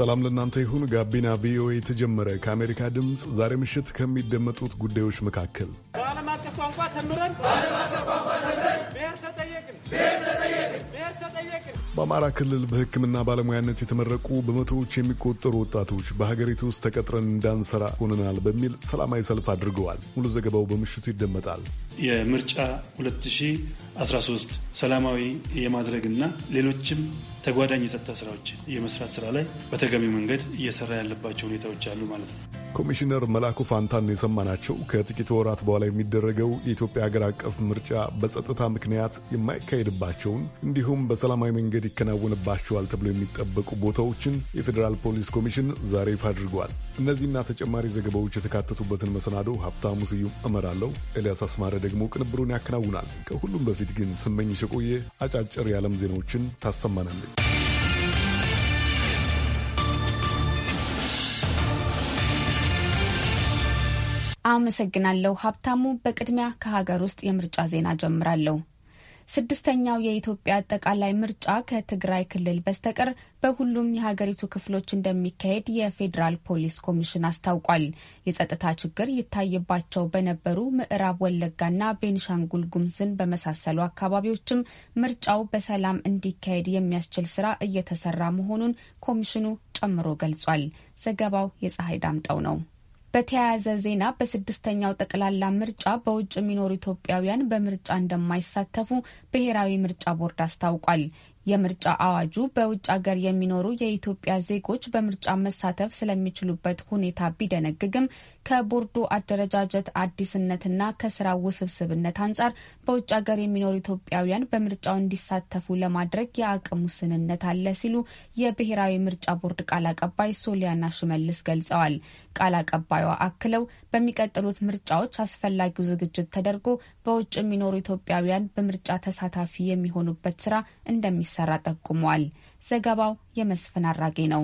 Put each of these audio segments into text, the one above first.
ሰላም ለእናንተ ይሁን። ጋቢና ቪኦኤ የተጀመረ ከአሜሪካ ድምፅ ዛሬ ምሽት ከሚደመጡት ጉዳዮች መካከል በዓለም አቀፍ ቋንቋ ተምረን ብሔር ተጠየቅን ብሔር ተጠየቅን በአማራ ክልል በሕክምና ባለሙያነት የተመረቁ በመቶዎች የሚቆጠሩ ወጣቶች በሀገሪቱ ውስጥ ተቀጥረን እንዳንሰራ ሆነናል በሚል ሰላማዊ ሰልፍ አድርገዋል። ሙሉ ዘገባው በምሽቱ ይደመጣል። የምርጫ 2013 ሰላማዊ የማድረግና ሌሎችም ተጓዳኝ የጸጥታ ስራዎች የመስራት ስራ ላይ በተገቢ መንገድ እየሰራ ያለባቸው ሁኔታዎች አሉ ማለት ነው። ኮሚሽነር መላኩ ፋንታን የሰማናቸው ከጥቂት ወራት በኋላ የሚደረገው የኢትዮጵያ ሀገር አቀፍ ምርጫ በጸጥታ ምክንያት የማይካሄድባቸውን እንዲሁም በሰላማዊ መንገድ ይከናወንባቸዋል ተብሎ የሚጠበቁ ቦታዎችን የፌዴራል ፖሊስ ኮሚሽን ዛሬ ይፋ አድርጓል። እነዚህና ተጨማሪ ዘገባዎች የተካተቱበትን መሰናዶ ሀብታሙ ስዩም እመራለሁ። ኤልያስ አስማረ ደግሞ ቅንብሩን ያከናውናል። ከሁሉም በፊት ግን ስመኝ ሸቆዬ አጫጭር የዓለም ዜናዎችን ታሰማናለች። አመሰግናለሁ ሀብታሙ። በቅድሚያ ከሀገር ውስጥ የምርጫ ዜና ጀምራለሁ። ስድስተኛው የኢትዮጵያ አጠቃላይ ምርጫ ከትግራይ ክልል በስተቀር በሁሉም የሀገሪቱ ክፍሎች እንደሚካሄድ የፌዴራል ፖሊስ ኮሚሽን አስታውቋል። የጸጥታ ችግር ይታይባቸው በነበሩ ምዕራብ ወለጋና ቤንሻንጉል ጉምዝን በመሳሰሉ አካባቢዎችም ምርጫው በሰላም እንዲካሄድ የሚያስችል ስራ እየተሰራ መሆኑን ኮሚሽኑ ጨምሮ ገልጿል። ዘገባው የፀሐይ ዳምጠው ነው። በተያያዘ ዜና በስድስተኛው ጠቅላላ ምርጫ በውጭ የሚኖሩ ኢትዮጵያውያን በምርጫ እንደማይሳተፉ ብሔራዊ ምርጫ ቦርድ አስታውቋል። የምርጫ አዋጁ በውጭ ሀገር የሚኖሩ የኢትዮጵያ ዜጎች በምርጫ መሳተፍ ስለሚችሉበት ሁኔታ ቢደነግግም ከቦርዱ አደረጃጀት አዲስነትና ከስራ ውስብስብነት አንጻር በውጭ ሀገር የሚኖሩ ኢትዮጵያውያን በምርጫው እንዲሳተፉ ለማድረግ የአቅም ውስንነት አለ ሲሉ የብሔራዊ ምርጫ ቦርድ ቃል አቀባይ ሶሊያና ሽመልስ ገልጸዋል። ቃል አቀባዩ አክለው በሚቀጥሉት ምርጫዎች አስፈላጊው ዝግጅት ተደርጎ በውጭ የሚኖሩ ኢትዮጵያውያን በምርጫ ተሳታፊ የሚሆኑበት ስራ እንደሚ እንደሚሰራ ጠቁሟል። ዘገባው የመስፍን አራጌ ነው።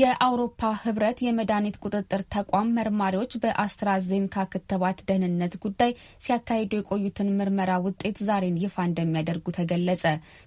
የአውሮፓ ህብረት የመድኃኒት ቁጥጥር ተቋም መርማሪዎች በአስትራዜንካ ክትባት ደህንነት ጉዳይ ሲያካሂዱ የቆዩትን ምርመራ ውጤት ዛሬን ይፋ እንደሚያደርጉ ተገለጸ።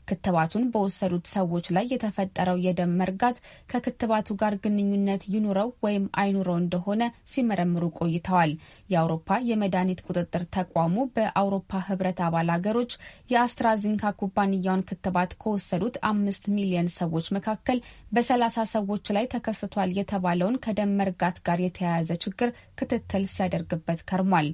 ክትባቱን በወሰዱት ሰዎች ላይ የተፈጠረው የደም መርጋት ከክትባቱ ጋር ግንኙነት ይኑረው ወይም አይኑረው እንደሆነ ሲመረምሩ ቆይተዋል። የአውሮፓ የመድኃኒት ቁጥጥር ተቋሙ በአውሮፓ ህብረት አባል ሀገሮች የአስትራዜንካ ኩባንያውን ክትባት ከወሰዱት አምስት ሚሊዮን ሰዎች መካከል በሰላሳ ሰዎች ላይ ተከስቷል የተባለውን ከደም መርጋት ጋር የተያያዘ ችግር ክትትል ሲያደርግበት ከርሟል።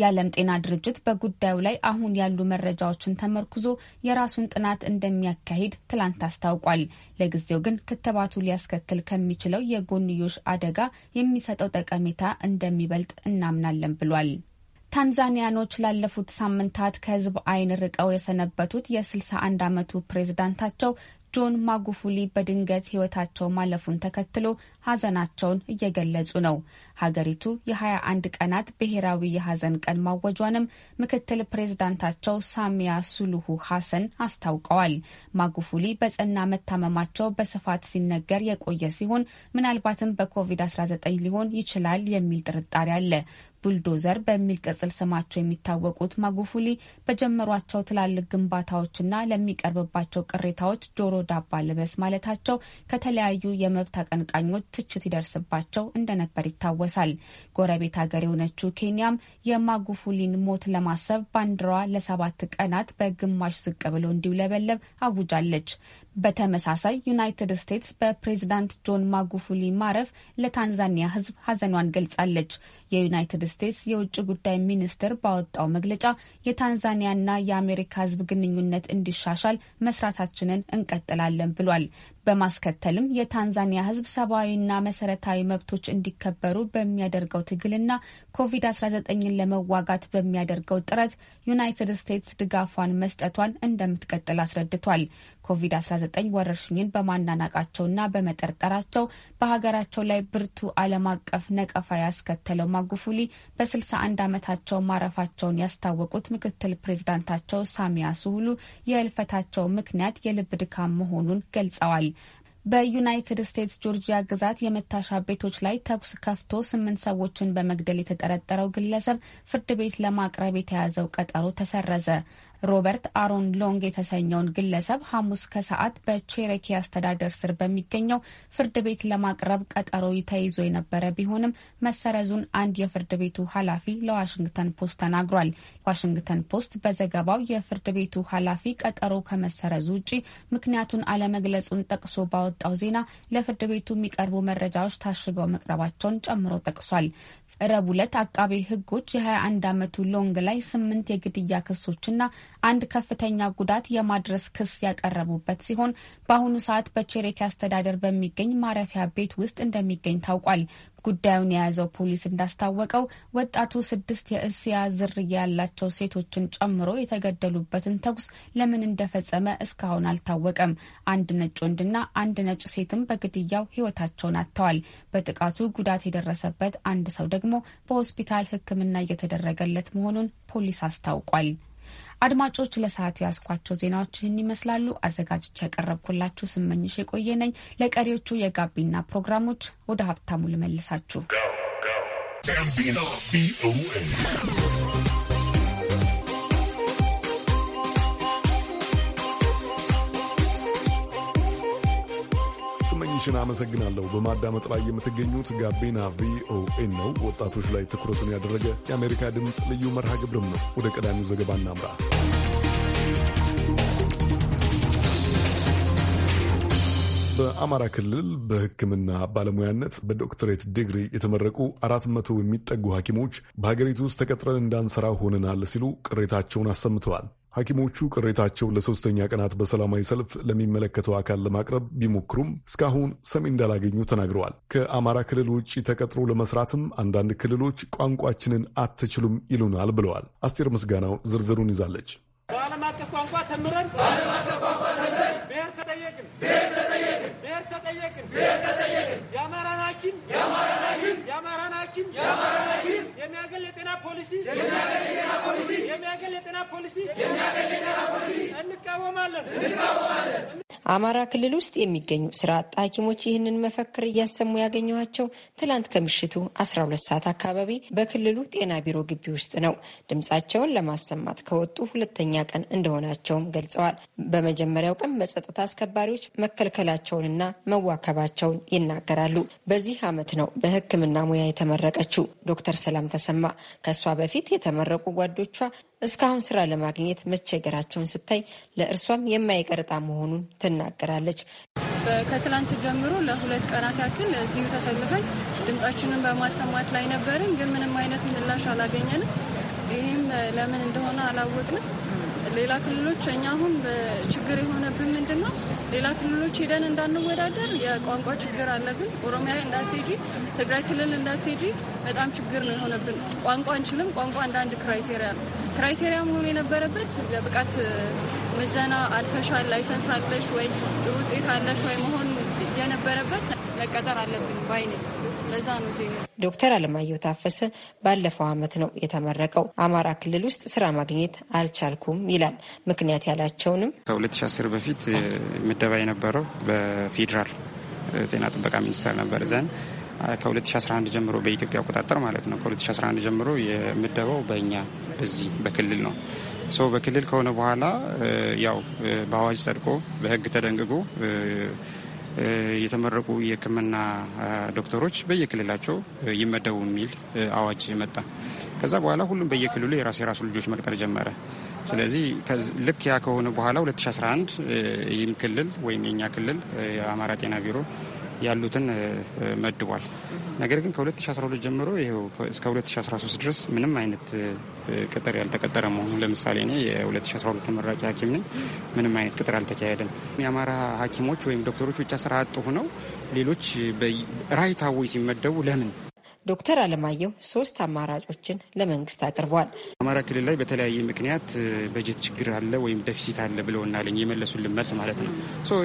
የዓለም ጤና ድርጅት በጉዳዩ ላይ አሁን ያሉ መረጃዎችን ተመርኩዞ የራሱን ጥናት እንደሚያካሂድ ትላንት አስታውቋል። ለጊዜው ግን ክትባቱ ሊያስከትል ከሚችለው የጎንዮሽ አደጋ የሚሰጠው ጠቀሜታ እንደሚበልጥ እናምናለን ብሏል። ታንዛኒያኖች ላለፉት ሳምንታት ከሕዝብ አይን ርቀው የሰነበቱት የ61 ዓመቱ ፕሬዝዳንታቸው ጆን ማጉፉሊ በድንገት ሕይወታቸው ማለፉን ተከትሎ ሀዘናቸውን እየገለጹ ነው። ሀገሪቱ የ21 ቀናት ብሔራዊ የሀዘን ቀን ማወጇንም ምክትል ፕሬዝዳንታቸው ሳሚያ ሱሉሁ ሀሰን አስታውቀዋል። ማጉፉሊ በጽና መታመማቸው በስፋት ሲነገር የቆየ ሲሆን ምናልባትም በኮቪድ-19 ሊሆን ይችላል የሚል ጥርጣሬ አለ። ቡልዶዘር በሚል ቅጽል ስማቸው የሚታወቁት ማጉፉሊ በጀመሯቸው ትላልቅ ግንባታዎችና ለሚቀርብባቸው ቅሬታዎች ጆሮ ዳባ ልበስ ማለታቸው ከተለያዩ የመብት አቀንቃኞች ትችት ይደርስባቸው እንደነበር ይታወሳል። ጎረቤት ሀገር የሆነችው ኬንያም የማጉፉሊን ሞት ለማሰብ ባንዲራዋ ለሰባት ቀናት በግማሽ ዝቅ ብሎ እንዲውለበለብ አውጃለች። በተመሳሳይ ዩናይትድ ስቴትስ በፕሬዝዳንት ጆን ማጉፉሊ ማረፍ ለታንዛኒያ ሕዝብ ሀዘኗን ገልጻለች። የዩናይትድ ስቴትስ የውጭ ጉዳይ ሚኒስትር ባወጣው መግለጫ የታንዛኒያና የአሜሪካ ሕዝብ ግንኙነት እንዲሻሻል መስራታችንን እንቀጥላለን ብሏል። በማስከተልም የታንዛኒያ ህዝብ ሰብአዊና መሰረታዊ መብቶች እንዲከበሩ በሚያደርገው ትግልና ኮቪድ-19ን ለመዋጋት በሚያደርገው ጥረት ዩናይትድ ስቴትስ ድጋፏን መስጠቷን እንደምትቀጥል አስረድቷል። ኮቪድ-19 ኮቪድ-19 ወረርሽኝን በማናናቃቸውና በመጠርጠራቸው በሀገራቸው ላይ ብርቱ ዓለም አቀፍ ነቀፋ ያስከተለው ማጉፉሊ በ61 ዓመታቸው ማረፋቸውን ያስታወቁት ምክትል ፕሬዚዳንታቸው ሳሚያ ሱሉሁ የህልፈታቸው ምክንያት የልብ ድካም መሆኑን ገልጸዋል። በዩናይትድ ስቴትስ ጆርጂያ ግዛት የመታሻ ቤቶች ላይ ተኩስ ከፍቶ ስምንት ሰዎችን በመግደል የተጠረጠረው ግለሰብ ፍርድ ቤት ለማቅረብ የተያዘው ቀጠሮ ተሰረዘ። ሮበርት አሮን ሎንግ የተሰኘውን ግለሰብ ሐሙስ ከሰዓት በቼሬኪ አስተዳደር ስር በሚገኘው ፍርድ ቤት ለማቅረብ ቀጠሮ ተይዞ የነበረ ቢሆንም መሰረዙን አንድ የፍርድ ቤቱ ኃላፊ ለዋሽንግተን ፖስት ተናግሯል። ዋሽንግተን ፖስት በዘገባው የፍርድ ቤቱ ኃላፊ ቀጠሮ ከመሰረዙ ውጪ ምክንያቱን አለመግለጹን ጠቅሶ ባወጣው ዜና ለፍርድ ቤቱ የሚቀርቡ መረጃዎች ታሽገው መቅረባቸውን ጨምሮ ጠቅሷል። ረቡዕ ዕለት አቃቤ ሕጎች የ21 ዓመቱ ሎንግ ላይ ስምንት የግድያ ክሶችና አንድ ከፍተኛ ጉዳት የማድረስ ክስ ያቀረቡበት ሲሆን በአሁኑ ሰዓት በቼሬክ አስተዳደር በሚገኝ ማረፊያ ቤት ውስጥ እንደሚገኝ ታውቋል። ጉዳዩን የያዘው ፖሊስ እንዳስታወቀው ወጣቱ ስድስት የእስያ ዝርያ ያላቸው ሴቶችን ጨምሮ የተገደሉበትን ተኩስ ለምን እንደፈጸመ እስካሁን አልታወቀም። አንድ ነጭ ወንድና አንድ ነጭ ሴትም በግድያው ሕይወታቸውን አጥተዋል። በጥቃቱ ጉዳት የደረሰበት አንድ ሰው ደግሞ በሆስፒታል ሕክምና እየተደረገለት መሆኑን ፖሊስ አስታውቋል። አድማጮች ለሰዓቱ ያስኳቸው ዜናዎች ይህን ይመስላሉ። አዘጋጅቼ ያቀረብኩላችሁ ስመኝሽ የቆየ ነኝ። ለቀሪዎቹ የጋቢና ፕሮግራሞች ወደ ሀብታሙ ልመልሳችሁ። እንግዶችን አመሰግናለሁ። በማዳመጥ ላይ የምትገኙት ጋቢና ቪኦኤ ነው። ወጣቶች ላይ ትኩረቱን ያደረገ የአሜሪካ ድምፅ ልዩ መርሃ ግብርም ነው። ወደ ቀዳሚው ዘገባ እናምራ። በአማራ ክልል በሕክምና ባለሙያነት በዶክትሬት ዲግሪ የተመረቁ አራት መቶ የሚጠጉ ሐኪሞች በሀገሪቱ ውስጥ ተቀጥረን እንዳንሰራ ሆነናል ሲሉ ቅሬታቸውን አሰምተዋል። ሐኪሞቹ ቅሬታቸውን ለሶስተኛ ቀናት በሰላማዊ ሰልፍ ለሚመለከተው አካል ለማቅረብ ቢሞክሩም እስካሁን ሰሚ እንዳላገኙ ተናግረዋል። ከአማራ ክልል ውጭ ተቀጥሮ ለመስራትም አንዳንድ ክልሎች ቋንቋችንን አትችሉም ይሉናል ብለዋል። አስቴር ምስጋናው ዝርዝሩን ይዛለች። በዓለም አቀፍ ቋንቋ ተምረን ብሔር ተጠየቅን ብሔር ተጠየቅን ብሔር ተጠየቅን ሐኪም የአማራን ሐኪም የአማራን ሐኪም የአማራን ሐኪም የሚያገል የጤና ፖሊሲ የሚያገል የጤና ፖሊሲ የሚያገል የጤና ፖሊሲ የሚያገል የጤና ፖሊሲ እንቃወማለን እንቃወማለን አማራ ክልል ውስጥ የሚገኙ ስራ አጥ ሐኪሞች ይህንን መፈክር እያሰሙ ያገኘኋቸው ትላንት ከምሽቱ 12 ሰዓት አካባቢ በክልሉ ጤና ቢሮ ግቢ ውስጥ ነው። ድምፃቸውን ለማሰማት ከወጡ ሁለተኛ ቀን እንደሆናቸውም ገልጸዋል። በመጀመሪያው ቀን በጸጥታ አስከባሪዎች መከልከላቸውንና መዋከባቸውን ይናገራሉ። በዚህ አመት ነው በሕክምና ሙያ የተመረቀችው ዶክተር ሰላም ተሰማ። ከእሷ በፊት የተመረቁ ጓዶቿ እስካሁን ስራ ለማግኘት መቸገራቸውን ስታይ ለእርሷም የማይቀርጣ መሆኑን ትናገራለች። ከትላንት ጀምሮ ለሁለት ቀናት ያክል እዚሁ ተሰልፈን ድምጻችንን በማሰማት ላይ ነበርን፣ ግን ምንም አይነት ምላሽ አላገኘንም። ይህም ለምን እንደሆነ አላወቅንም። ሌላ ክልሎች እኛ አሁን ችግር የሆነብን ምንድን ነው? ሌላ ክልሎች ሄደን እንዳንወዳደር የቋንቋ ችግር አለብን። ኦሮሚያ እንዳትሄጂ፣ ትግራይ ክልል እንዳትሄጂ በጣም ችግር ነው የሆነብን። ቋንቋ አንችልም። ቋንቋ አንዳንድ ክራይቴሪያ ነው። ክራይቴሪያ መሆን የነበረበት በብቃት ምዘና አልፈሻል፣ ላይሰንስ አለሽ ወይ፣ ጥሩ ውጤት አለሽ ወይ መሆን የነበረበት መቀጠር አለብን ባይኔ ለዛ ነው ዜ ዶክተር አለማየሁ ታፈሰ ባለፈው አመት ነው የተመረቀው። አማራ ክልል ውስጥ ስራ ማግኘት አልቻልኩም ይላል። ምክንያት ያላቸውንም ከ2010 በፊት ምደባ የነበረው በፌዴራል ጤና ጥበቃ ሚኒስቴር ነበር ዘን ከ2011 ጀምሮ በኢትዮጵያ አቆጣጠር ማለት ነው። ከ2011 ጀምሮ የምደባው በእኛ በዚህ በክልል ነው። ሶ በክልል ከሆነ በኋላ ያው በአዋጅ ጸድቆ በህግ ተደንግጎ የተመረቁ የሕክምና ዶክተሮች በየክልላቸው ይመደቡ የሚል አዋጅ መጣ። ከዛ በኋላ ሁሉም በየክልሉ የራሱ የራሱ ልጆች መቅጠር ጀመረ። ስለዚህ ልክ ያ ከሆነ በኋላ 2011 ይህም ክልል ወይም የኛ ክልል የአማራ ጤና ቢሮ ያሉትን መድቧል። ነገር ግን ከ2012 ጀምሮ ይኸው እስከ 2013 ድረስ ምንም አይነት ቅጥር ያልተቀጠረ መሆኑ ለምሳሌ እኔ የ2012 ተመራቂ ሐኪም ነኝ። ምንም አይነት ቅጥር አልተካሄደም። የአማራ ሐኪሞች ወይም ዶክተሮች ብቻ ስራ አጥ ሆነው ሌሎች ራይት ሲመደቡ ለምን ዶክተር አለማየሁ ሶስት አማራጮችን ለመንግስት አቅርቧል። አማራ ክልል ላይ በተለያየ ምክንያት በጀት ችግር አለ ወይም ደፊሲት አለ ብለውናል። የመለሱልን መልስ ማለት ነው።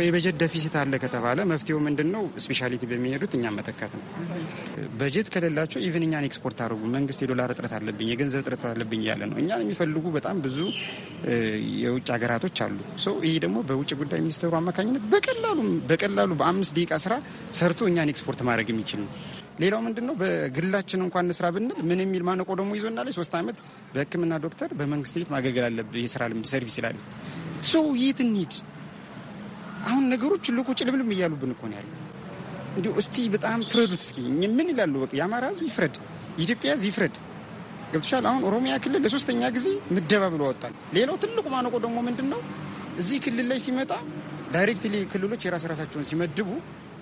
የበጀት ደፊሲት አለ ከተባለ መፍትሄው ምንድን ነው? ስፔሻሊቲ በሚሄዱት እኛም መተካት ነው። በጀት ከሌላቸው ኢቨን እኛን ኤክስፖርት አድርጉ። መንግስት የዶላር እጥረት አለብኝ፣ የገንዘብ እጥረት አለብኝ ያለ ነው። እኛን የሚፈልጉ በጣም ብዙ የውጭ ሀገራቶች አሉ። ይህ ደግሞ በውጭ ጉዳይ ሚኒስትሩ አማካኝነት በቀላሉ በቀላሉ በአምስት ደቂቃ ስራ ሰርቶ እኛን ኤክስፖርት ማድረግ የሚችል ነው። ሌላው ምንድን ነው በግላችን እንኳን እንስራ ብንል ምን የሚል ማነቆ ደግሞ ይዞና ላይ ሶስት ዓመት በህክምና ዶክተር በመንግስት ቤት ማገልገል አለብህ የስራ ልምድ ሰርቪስ ይላል። ሶ የት እንሂድ? አሁን ነገሮች ልቁ ጭልምልም እያሉብን እኮ ነው ያለ። እንዲሁ እስቲ በጣም ፍረዱት እስኪ ምን ይላሉ? በቃ የአማራ ህዝብ ይፍረድ፣ የኢትዮጵያ ህዝብ ይፍረድ። ገብቶሻል። አሁን ኦሮሚያ ክልል ለሶስተኛ ጊዜ ምደባ ብሎ ወጣል። ሌላው ትልቁ ማነቆ ደግሞ ምንድን ነው እዚህ ክልል ላይ ሲመጣ ዳይሬክትሊ ክልሎች የራስ ራሳቸውን ሲመድቡ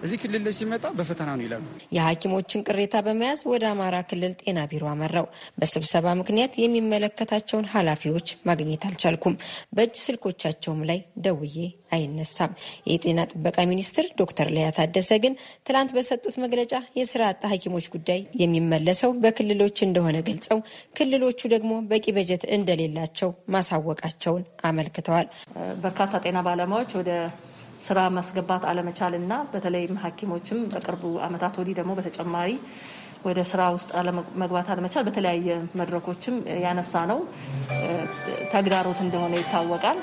እዚህ ክልል ላይ ሲመጣ በፈተና ነው ይላሉ። የሐኪሞችን ቅሬታ በመያዝ ወደ አማራ ክልል ጤና ቢሮ አመራው። በስብሰባ ምክንያት የሚመለከታቸውን ኃላፊዎች ማግኘት አልቻልኩም። በእጅ ስልኮቻቸውም ላይ ደውዬ አይነሳም። የጤና ጥበቃ ሚኒስትር ዶክተር ሊያ ታደሰ ግን ትላንት በሰጡት መግለጫ የስራ አጣ ሐኪሞች ጉዳይ የሚመለሰው በክልሎች እንደሆነ ገልጸው ክልሎቹ ደግሞ በቂ በጀት እንደሌላቸው ማሳወቃቸውን አመልክተዋል። በርካታ ጤና ባለሙያዎች ወደ ስራ ማስገባት አለመቻል አለመቻልና በተለይም ሐኪሞችም በቅርቡ አመታት ወዲህ ደግሞ በተጨማሪ ወደ ስራ ውስጥ አለመግባት አለመቻል በተለያየ መድረኮችም ያነሳ ነው ተግዳሮት እንደሆነ ይታወቃል።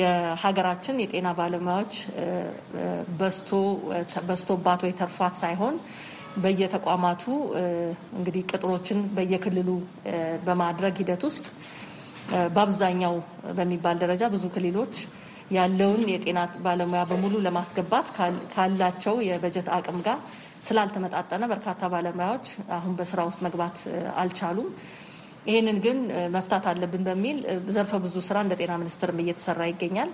የሀገራችን የጤና ባለሙያዎች በስቶባት ወይ ተርፏት ሳይሆን በየተቋማቱ እንግዲህ ቅጥሮችን በየክልሉ በማድረግ ሂደት ውስጥ በአብዛኛው በሚባል ደረጃ ብዙ ክልሎች ያለውን የጤና ባለሙያ በሙሉ ለማስገባት ካላቸው የበጀት አቅም ጋር ስላልተመጣጠነ በርካታ ባለሙያዎች አሁን በስራ ውስጥ መግባት አልቻሉም። ይህንን ግን መፍታት አለብን በሚል ዘርፈ ብዙ ስራ እንደ ጤና ሚኒስትርም እየተሰራ ይገኛል።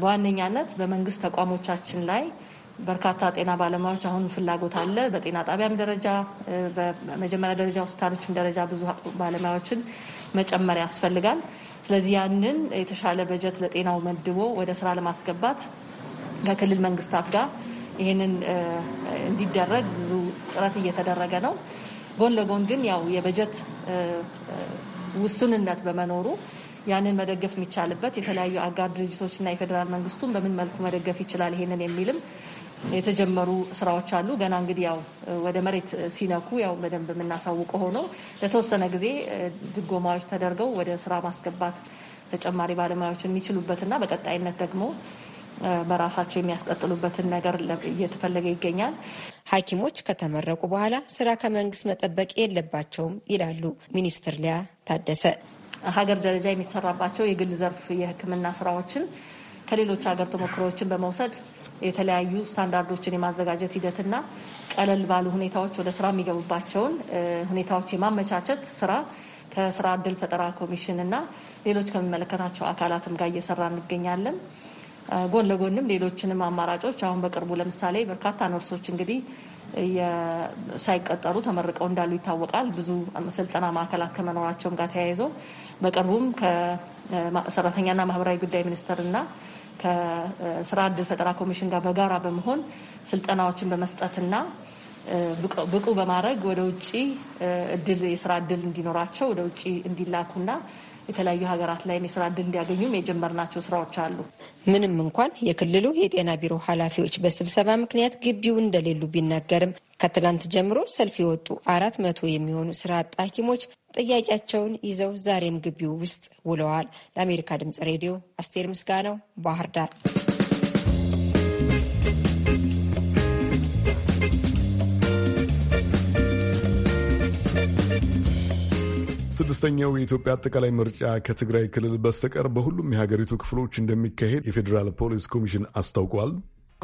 በዋነኛነት በመንግስት ተቋሞቻችን ላይ በርካታ ጤና ባለሙያዎች አሁን ፍላጎት አለ። በጤና ጣቢያም ደረጃ በመጀመሪያ ደረጃ ሆስፒታሎችም ደረጃ ብዙ ባለሙያዎችን መጨመር ያስፈልጋል። ስለዚህ ያንን የተሻለ በጀት ለጤናው መድቦ ወደ ስራ ለማስገባት ከክልል መንግስታት ጋር ይህንን እንዲደረግ ብዙ ጥረት እየተደረገ ነው። ጎን ለጎን ግን ያው የበጀት ውስንነት በመኖሩ ያንን መደገፍ የሚቻልበት የተለያዩ አጋር ድርጅቶችና የፌዴራል መንግስቱን በምን መልኩ መደገፍ ይችላል ይሄንን የሚልም የተጀመሩ ስራዎች አሉ። ገና እንግዲህ ያው ወደ መሬት ሲነኩ ያው በደንብ የምናሳውቀው ሆኖ ለተወሰነ ጊዜ ድጎማዎች ተደርገው ወደ ስራ ማስገባት ተጨማሪ ባለሙያዎች የሚችሉበትና በቀጣይነት ደግሞ በራሳቸው የሚያስቀጥሉበትን ነገር እየተፈለገ ይገኛል። ሐኪሞች ከተመረቁ በኋላ ስራ ከመንግስት መጠበቅ የለባቸውም ይላሉ ሚኒስትር ሊያ ታደሰ። ሀገር ደረጃ የሚሰራባቸው የግል ዘርፍ የሕክምና ስራዎችን ከሌሎች ሀገር ተሞክሮዎችን በመውሰድ የተለያዩ ስታንዳርዶችን የማዘጋጀት ሂደትና ቀለል ባሉ ሁኔታዎች ወደ ስራ የሚገቡባቸውን ሁኔታዎች የማመቻቸት ስራ ከስራ እድል ፈጠራ ኮሚሽን እና ሌሎች ከሚመለከታቸው አካላትም ጋር እየሰራ እንገኛለን። ጎን ለጎንም ሌሎችንም አማራጮች አሁን በቅርቡ ለምሳሌ በርካታ ነርሶች እንግዲህ ሳይቀጠሩ ተመርቀው እንዳሉ ይታወቃል። ብዙ ስልጠና ማዕከላት ከመኖራቸውም ጋር ተያይዘው በቅርቡም ከሰራተኛና ማህበራዊ ጉዳይ ሚኒስቴርና ከስራ እድል ፈጠራ ኮሚሽን ጋር በጋራ በመሆን ስልጠናዎችን በመስጠትና ብቁ በማድረግ ወደ ውጭ እድል የስራ እድል እንዲኖራቸው ወደ ውጭ እንዲላኩና የተለያዩ ሀገራት ላይ የስራ እድል እንዲያገኙም የጀመርናቸው ስራዎች አሉ። ምንም እንኳን የክልሉ የጤና ቢሮ ኃላፊዎች በስብሰባ ምክንያት ግቢው እንደሌሉ ቢናገርም ከትላንት ጀምሮ ሰልፍ የወጡ አራት መቶ የሚሆኑ ስራ አጥ ሐኪሞች ጥያቄያቸውን ይዘው ዛሬም ግቢው ውስጥ ውለዋል። ለአሜሪካ ድምጽ ሬዲዮ አስቴር ምስጋናው ባህር ዳር ስድስተኛው የኢትዮጵያ አጠቃላይ ምርጫ ከትግራይ ክልል በስተቀር በሁሉም የሀገሪቱ ክፍሎች እንደሚካሄድ የፌዴራል ፖሊስ ኮሚሽን አስታውቋል።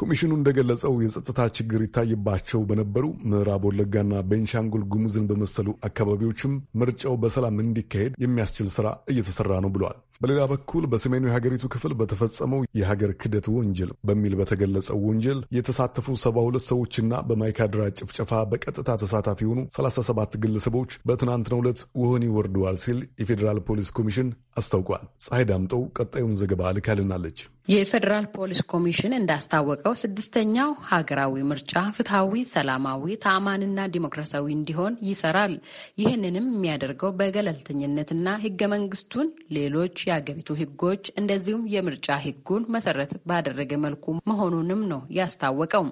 ኮሚሽኑ እንደገለጸው የጸጥታ ችግር ይታይባቸው በነበሩ ምዕራብ ወለጋና ቤንሻንጉል ጉሙዝን በመሰሉ አካባቢዎችም ምርጫው በሰላም እንዲካሄድ የሚያስችል ስራ እየተሰራ ነው ብሏል። በሌላ በኩል በሰሜኑ የሀገሪቱ ክፍል በተፈጸመው የሀገር ክደት ወንጀል በሚል በተገለጸው ወንጀል የተሳተፉ ሰባ 72 ሰዎችና በማይካድራ ጭፍጨፋ በቀጥታ ተሳታፊ የሆኑ 37 ግለሰቦች በትናንትናው ዕለት ወህኒ ወርደዋል ሲል የፌዴራል ፖሊስ ኮሚሽን አስታውቋል። ፀሐይ ዳምጠው ቀጣዩን ዘገባ ልካልናለች። የፌዴራል ፖሊስ ኮሚሽን እንዳስታወቀው ስድስተኛው ሀገራዊ ምርጫ ፍትሐዊ፣ ሰላማዊ፣ ተአማንና ዲሞክራሲያዊ እንዲሆን ይሰራል። ይህንንም የሚያደርገው በገለልተኝነትና ህገ መንግስቱን ሌሎች የአገሪቱ ህጎች እንደዚሁም የምርጫ ህጉን መሰረት ባደረገ መልኩ መሆኑንም ነው ያስታወቀው።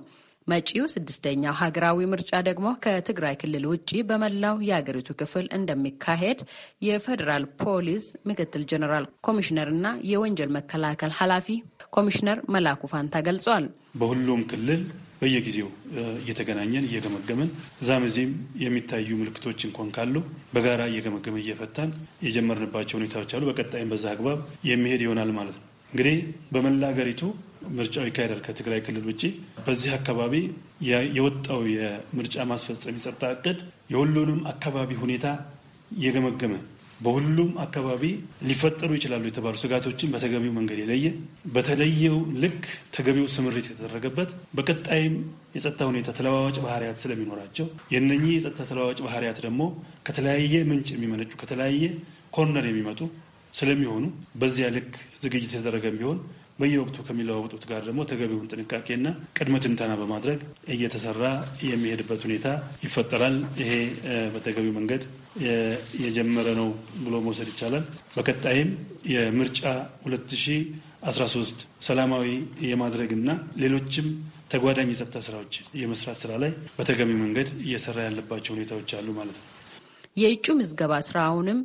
መጪው ስድስተኛው ሀገራዊ ምርጫ ደግሞ ከትግራይ ክልል ውጭ በመላው የሀገሪቱ ክፍል እንደሚካሄድ የፌዴራል ፖሊስ ምክትል ጀኔራል እና የወንጀል መከላከል ኃላፊ ኮሚሽነር መላኩ ፋንታ ገልጿል። በሁሉም ክልል በየጊዜው እየተገናኘን እየገመገምን እዛም እዚህም የሚታዩ ምልክቶች እንኳን ካሉ በጋራ እየገመገመ እየፈታን የጀመርንባቸው ሁኔታዎች አሉ። በቀጣይም በዛ አግባብ የሚሄድ ይሆናል ማለት ነው። እንግዲህ በመላ ሀገሪቱ ምርጫው ይካሄዳል። ከትግራይ ክልል ውጭ በዚህ አካባቢ የወጣው የምርጫ ማስፈጸም የጸጥታ እቅድ የሁሉንም አካባቢ ሁኔታ እየገመገመ በሁሉም አካባቢ ሊፈጠሩ ይችላሉ የተባሉ ስጋቶችን በተገቢው መንገድ የለየ በተለየው ልክ ተገቢው ስምሪት የተደረገበት በቀጣይም የጸጥታ ሁኔታ ተለዋዋጭ ባህሪያት ስለሚኖራቸው የነኚህ የጸጥታ ተለዋዋጭ ባህሪያት ደግሞ ከተለያየ ምንጭ የሚመነጩ ከተለያየ ኮርነር የሚመጡ ስለሚሆኑ በዚያ ልክ ዝግጅት የተደረገ ቢሆን በየወቅቱ ከሚለዋወጡት ጋር ደግሞ ተገቢውን ጥንቃቄና ቅድመ ትንተና በማድረግ እየተሰራ የሚሄድበት ሁኔታ ይፈጠራል። ይሄ በተገቢው መንገድ የጀመረ ነው ብሎ መውሰድ ይቻላል። በቀጣይም የምርጫ 2013 ሰላማዊ የማድረግና ሌሎችም ተጓዳኝ የጸጥታ ስራዎች የመስራት ስራ ላይ በተገቢ መንገድ እየሰራ ያለባቸው ሁኔታዎች አሉ ማለት ነው። የእጩ ምዝገባ ስራውንም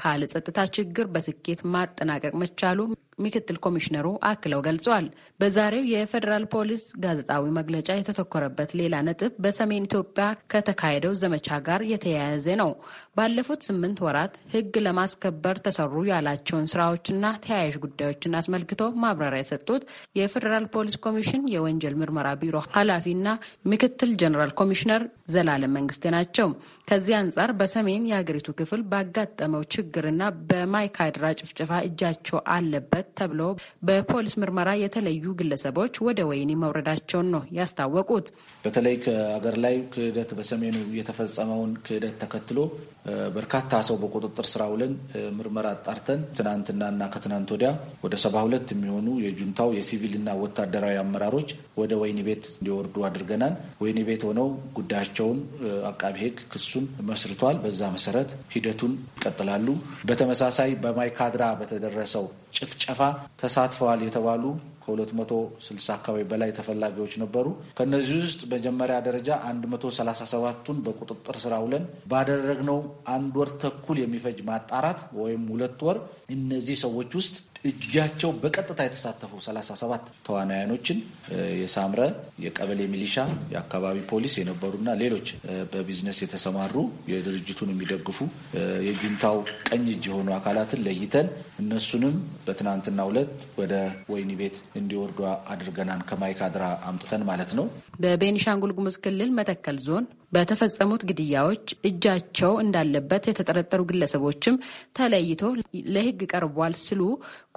ካለ ጸጥታ ችግር በስኬት ማጠናቀቅ መቻሉ ምክትል ኮሚሽነሩ አክለው ገልጿል። በዛሬው የፌዴራል ፖሊስ ጋዜጣዊ መግለጫ የተተኮረበት ሌላ ነጥብ በሰሜን ኢትዮጵያ ከተካሄደው ዘመቻ ጋር የተያያዘ ነው። ባለፉት ስምንት ወራት ሕግ ለማስከበር ተሰሩ ያላቸውን ስራዎችና ተያያዥ ጉዳዮችን አስመልክቶ ማብራሪያ የሰጡት የፌዴራል ፖሊስ ኮሚሽን የወንጀል ምርመራ ቢሮ ኃላፊና ምክትል ጀኔራል ኮሚሽነር ዘላለም መንግስቴ ናቸው። ከዚህ አንጻር በሰሜን የሀገሪቱ ክፍል ባጋጠመው ችግርና በማይካድራ ጭፍጨፋ እጃቸው አለበት ሁለት ተብሎ በፖሊስ ምርመራ የተለዩ ግለሰቦች ወደ ወይኒ መውረዳቸውን ነው ያስታወቁት። በተለይ ከአገር ላይ ክህደት በሰሜኑ የተፈጸመውን ክህደት ተከትሎ በርካታ ሰው በቁጥጥር ስራ ውለን ምርመራ አጣርተን ትናንትናና ከትናንት ወዲያ ወደ ሰባ ሁለት የሚሆኑ የጁንታው የሲቪልና ወታደራዊ አመራሮች ወደ ወይኒ ቤት እንዲወርዱ አድርገናል። ወይኒ ቤት ሆነው ጉዳያቸውን አቃቢ ሕግ ክሱን መስርቷል። በዛ መሰረት ሂደቱን ይቀጥላሉ። በተመሳሳይ በማይካድራ በተደረሰው ጭፍጨፋ ተሳትፈዋል የተባሉ ከ260 አካባቢ በላይ ተፈላጊዎች ነበሩ። ከእነዚህ ውስጥ መጀመሪያ ደረጃ 137ቱን በቁጥጥር ስራ ውለን ባደረግነው አንድ ወር ተኩል የሚፈጅ ማጣራት ወይም ሁለት ወር እነዚህ ሰዎች ውስጥ እጃቸው በቀጥታ የተሳተፉ 37 ተዋናያኖችን የሳምረ የቀበሌ ሚሊሻ፣ የአካባቢ ፖሊስ የነበሩና ሌሎች በቢዝነስ የተሰማሩ የድርጅቱን የሚደግፉ የጁንታው ቀኝ እጅ የሆኑ አካላትን ለይተን እነሱንም በትናንትና ሁለት ወደ ወይኒ ቤት እንዲወርዱ አድርገናል። ከማይካድራ አምጥተን ማለት ነው። በቤኒሻንጉል ጉሙዝ ክልል መተከል ዞን በተፈጸሙት ግድያዎች እጃቸው እንዳለበት የተጠረጠሩ ግለሰቦችም ተለይቶ ለሕግ ቀርቧል ሲሉ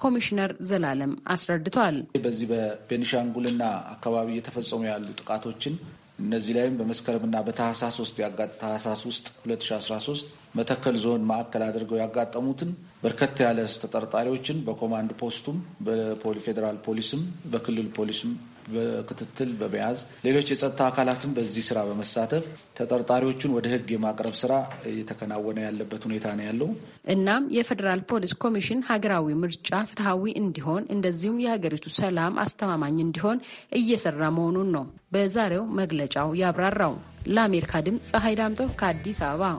ኮሚሽነር ዘላለም አስረድቷል። በዚህ በቤኒሻንጉልና አካባቢ እየተፈጸሙ ያሉ ጥቃቶችን እነዚህ ላይም በመስከረምና በታህሳስ ውስጥ ታህሳስ ውስጥ 2013 መተከል ዞን ማዕከል አድርገው ያጋጠሙትን በርከት ያለ ተጠርጣሪዎችን በኮማንድ ፖስቱም በፌዴራል ፖሊስም በክልል ፖሊስም በክትትል በመያዝ ሌሎች የጸጥታ አካላትም በዚህ ስራ በመሳተፍ ተጠርጣሪዎቹን ወደ ህግ የማቅረብ ስራ እየተከናወነ ያለበት ሁኔታ ነው ያለው። እናም የፌዴራል ፖሊስ ኮሚሽን ሀገራዊ ምርጫ ፍትሐዊ እንዲሆን እንደዚሁም የሀገሪቱ ሰላም አስተማማኝ እንዲሆን እየሰራ መሆኑን ነው በዛሬው መግለጫው ያብራራው። ለአሜሪካ ድምፅ ፀሐይ ዳምጠው ከአዲስ አበባ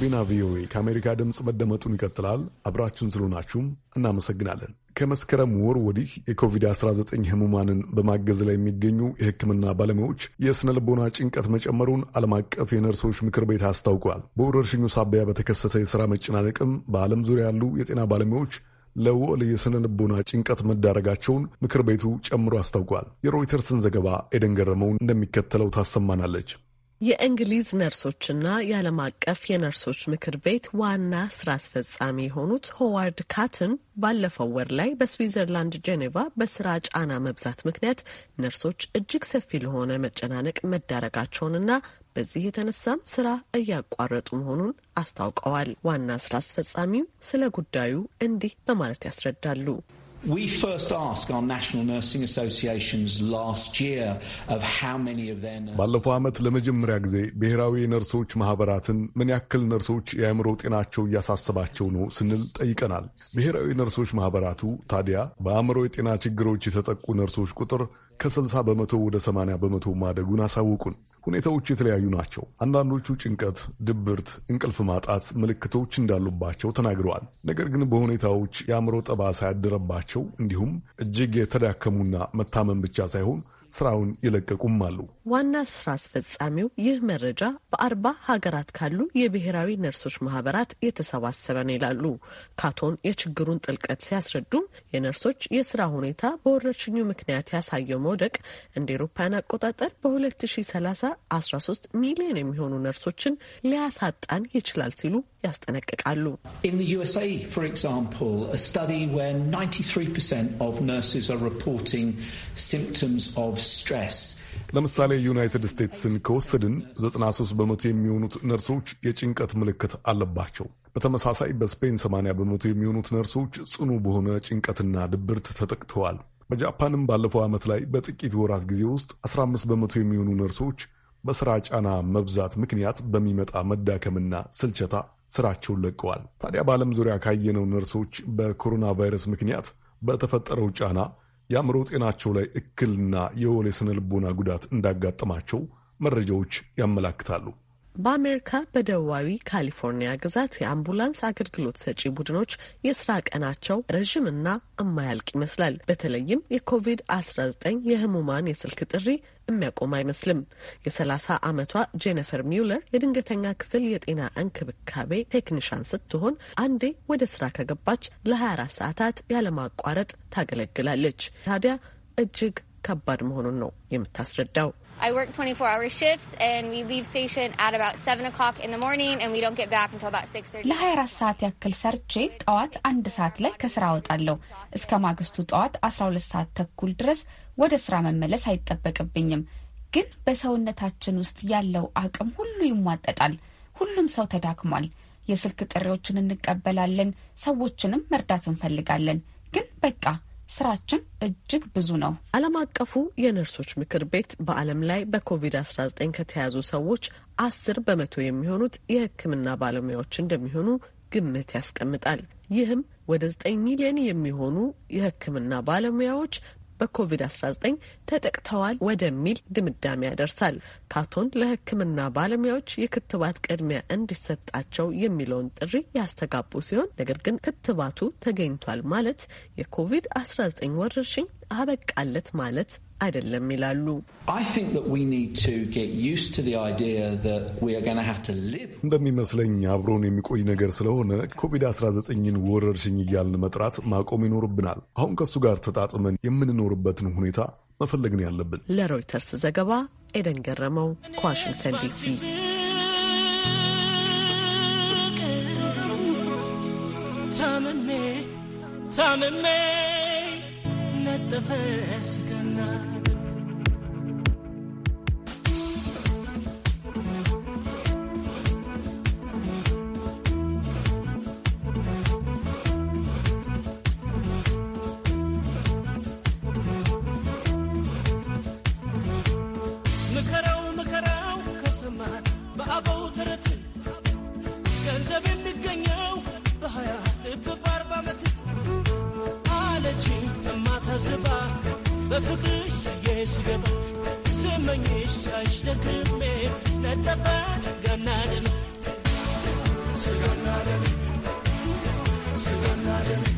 ጋቢና ቪኦኤ ከአሜሪካ ድምፅ መደመጡን ይቀጥላል። አብራችሁን ስለሆናችሁም እናመሰግናለን። ከመስከረም ወር ወዲህ የኮቪድ-19 ህሙማንን በማገዝ ላይ የሚገኙ የህክምና ባለሙያዎች የስነ ልቦና ጭንቀት መጨመሩን ዓለም አቀፍ የነርሶች ምክር ቤት አስታውቋል። በወረርሽኙ ሳቢያ በተከሰተ የሥራ መጨናነቅም በዓለም ዙሪያ ያሉ የጤና ባለሙያዎች ለውዕል የስነ ልቦና ጭንቀት መዳረጋቸውን ምክር ቤቱ ጨምሮ አስታውቋል። የሮይተርስን ዘገባ ኤደን ገረመውን እንደሚከተለው ታሰማናለች። የእንግሊዝ ነርሶችና የዓለም አቀፍ የነርሶች ምክር ቤት ዋና ስራ አስፈጻሚ የሆኑት ሆዋርድ ካትን ባለፈው ወር ላይ በስዊዘርላንድ ጄኔቫ በስራ ጫና መብዛት ምክንያት ነርሶች እጅግ ሰፊ ለሆነ መጨናነቅ መዳረጋቸውንና በዚህ የተነሳም ስራ እያቋረጡ መሆኑን አስታውቀዋል። ዋና ስራ አስፈጻሚው ስለ ጉዳዩ እንዲህ በማለት ያስረዳሉ። ባለፈው ዓመት ለመጀመሪያ ጊዜ ብሔራዊ የነርሶች ማህበራትን ምን ያክል ነርሶች የአእምሮ ጤናቸው እያሳሰባቸው ነው ስንል ጠይቀናል። ብሔራዊ ነርሶች ማህበራቱ ታዲያ በአእምሮ የጤና ችግሮች የተጠቁ ነርሶች ቁጥር ከ60 በመቶ ወደ 80 በመቶ ማደጉን አሳውቁን። ሁኔታዎች የተለያዩ ናቸው። አንዳንዶቹ ጭንቀት፣ ድብርት፣ እንቅልፍ ማጣት ምልክቶች እንዳሉባቸው ተናግረዋል። ነገር ግን በሁኔታዎች የአእምሮ ጠባሳ ያደረባቸው እንዲሁም እጅግ የተዳከሙና መታመን ብቻ ሳይሆን ስራውን የለቀቁም አሉ። ዋና ስራ አስፈጻሚው ይህ መረጃ በአርባ ሀገራት ካሉ የብሔራዊ ነርሶች ማህበራት የተሰባሰበ ነው ይላሉ። ካቶን የችግሩን ጥልቀት ሲያስረዱም የነርሶች የስራ ሁኔታ በወረርሽኙ ምክንያት ያሳየው መውደቅ እንደ ኤሮፓያን አቆጣጠር በ2030 13 ሚሊዮን የሚሆኑ ነርሶችን ሊያሳጣን ይችላል ሲሉ ያስጠነቅቃሉ። ለምሳሌ ዩናይትድ ስቴትስን ከወሰድን 93 በመቶ የሚሆኑት ነርሶች የጭንቀት ምልክት አለባቸው። በተመሳሳይ በስፔን 80 በመቶ የሚሆኑት ነርሶች ጽኑ በሆነ ጭንቀትና ድብርት ተጠቅተዋል። በጃፓንም ባለፈው ዓመት ላይ በጥቂት ወራት ጊዜ ውስጥ 15 በመቶ የሚሆኑ ነርሶች በስራ ጫና መብዛት ምክንያት በሚመጣ መዳከምና ስልቸታ ስራቸውን ለቀዋል። ታዲያ በዓለም ዙሪያ ካየነው ነርሶች በኮሮና ቫይረስ ምክንያት በተፈጠረው ጫና የአእምሮ ጤናቸው ላይ እክልና የወል የስነ ልቦና ጉዳት እንዳጋጠማቸው መረጃዎች ያመላክታሉ። በአሜሪካ በደቡባዊ ካሊፎርኒያ ግዛት የአምቡላንስ አገልግሎት ሰጪ ቡድኖች የስራ ቀናቸው ረዥምና እማያልቅ ይመስላል። በተለይም የኮቪድ-19 የህሙማን የስልክ ጥሪ የሚያቆም አይመስልም። የ30 ዓመቷ ጄኒፈር ሚውለር የድንገተኛ ክፍል የጤና እንክብካቤ ቴክኒሻን ስትሆን አንዴ ወደ ስራ ከገባች ለ24 ሰዓታት ያለማቋረጥ ታገለግላለች። ታዲያ እጅግ ከባድ መሆኑን ነው የምታስረዳው። ለ24 ሰዓት ያክል ሰርቼ ጠዋት አንድ ሰዓት ላይ ከስራ እወጣለሁ። እስከ ማግስቱ ጠዋት 12 ሰዓት ተኩል ድረስ ወደ ስራ መመለስ አይጠበቅብኝም። ግን በሰውነታችን ውስጥ ያለው አቅም ሁሉ ይሟጠጣል። ሁሉም ሰው ተዳክሟል። የስልክ ጥሪዎችን እንቀበላለን። ሰዎችንም መርዳት እንፈልጋለን። ግን በቃ ስራችን እጅግ ብዙ ነው። ዓለም አቀፉ የነርሶች ምክር ቤት በዓለም ላይ በኮቪድ-19 ከተያዙ ሰዎች አስር በመቶ የሚሆኑት የሕክምና ባለሙያዎች እንደሚሆኑ ግምት ያስቀምጣል። ይህም ወደ ዘጠኝ ሚሊዮን የሚሆኑ የሕክምና ባለሙያዎች በኮቪድ-19 ተጠቅተዋል ወደሚል ድምዳሜ ያደርሳል። ካቶን ለሕክምና ባለሙያዎች የክትባት ቅድሚያ እንዲሰጣቸው የሚለውን ጥሪ ያስተጋቡ ሲሆን ነገር ግን ክትባቱ ተገኝቷል ማለት የኮቪድ-19 ወረርሽኝ አበቃለት ማለት አይደለም ይላሉ። እንደሚመስለኝ አብሮን የሚቆይ ነገር ስለሆነ ኮቪድ-19ን ወረርሽኝ እያልን መጥራት ማቆም ይኖርብናል። አሁን ከእሱ ጋር ተጣጥመን የምንኖርበትን ሁኔታ መፈለግን ያለብን። ለሮይተርስ ዘገባ ኤደን ገረመው ከዋሽንግተን ዲሲ። ታምሜ ታምሜ የተነጠፈ ስጋና ምከራው ምከራው ከሰማን በአበው ተረት በፍቅርሽ ስዬ ስገባ ስመኝሽ ሳይሽ ደግሜ ነጠፋሽ ስጋና ደሜ ስጋና ደሜ ስጋና ደሜ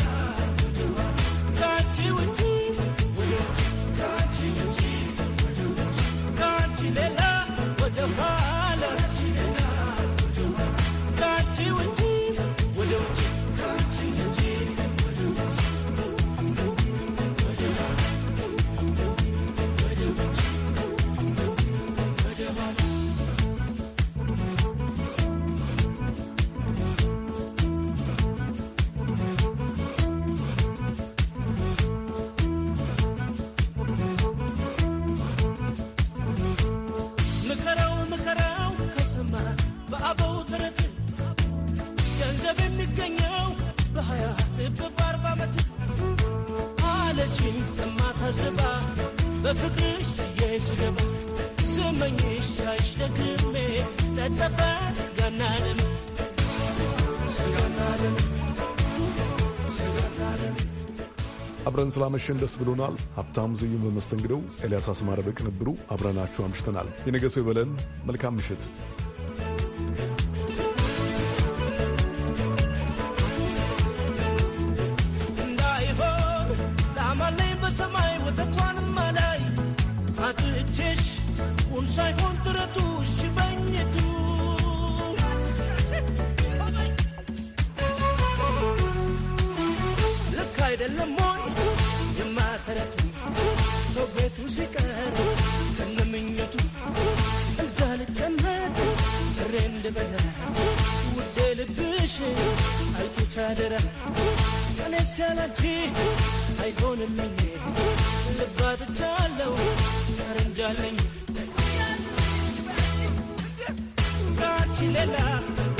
ዓመት አብረን ስላመሸን ደስ ብሎናል። ሀብታም ዝዩም በመስተንግደው ኤልያስ አስማረ በቅንብሩ አብረናችሁ አምሽተናል። የነገ ሰው ይበለን። መልካም ምሽት። ሳይሆን ጥረቱ ሽበኝቱ ልክ አይደለም ሞይ የማተረቱ ሰው ቤቱ ሲቀር ከነምኘቱ ጥሬ ውዴ ልብሽ ልባትቻለው ተረንጃለኝ chilela.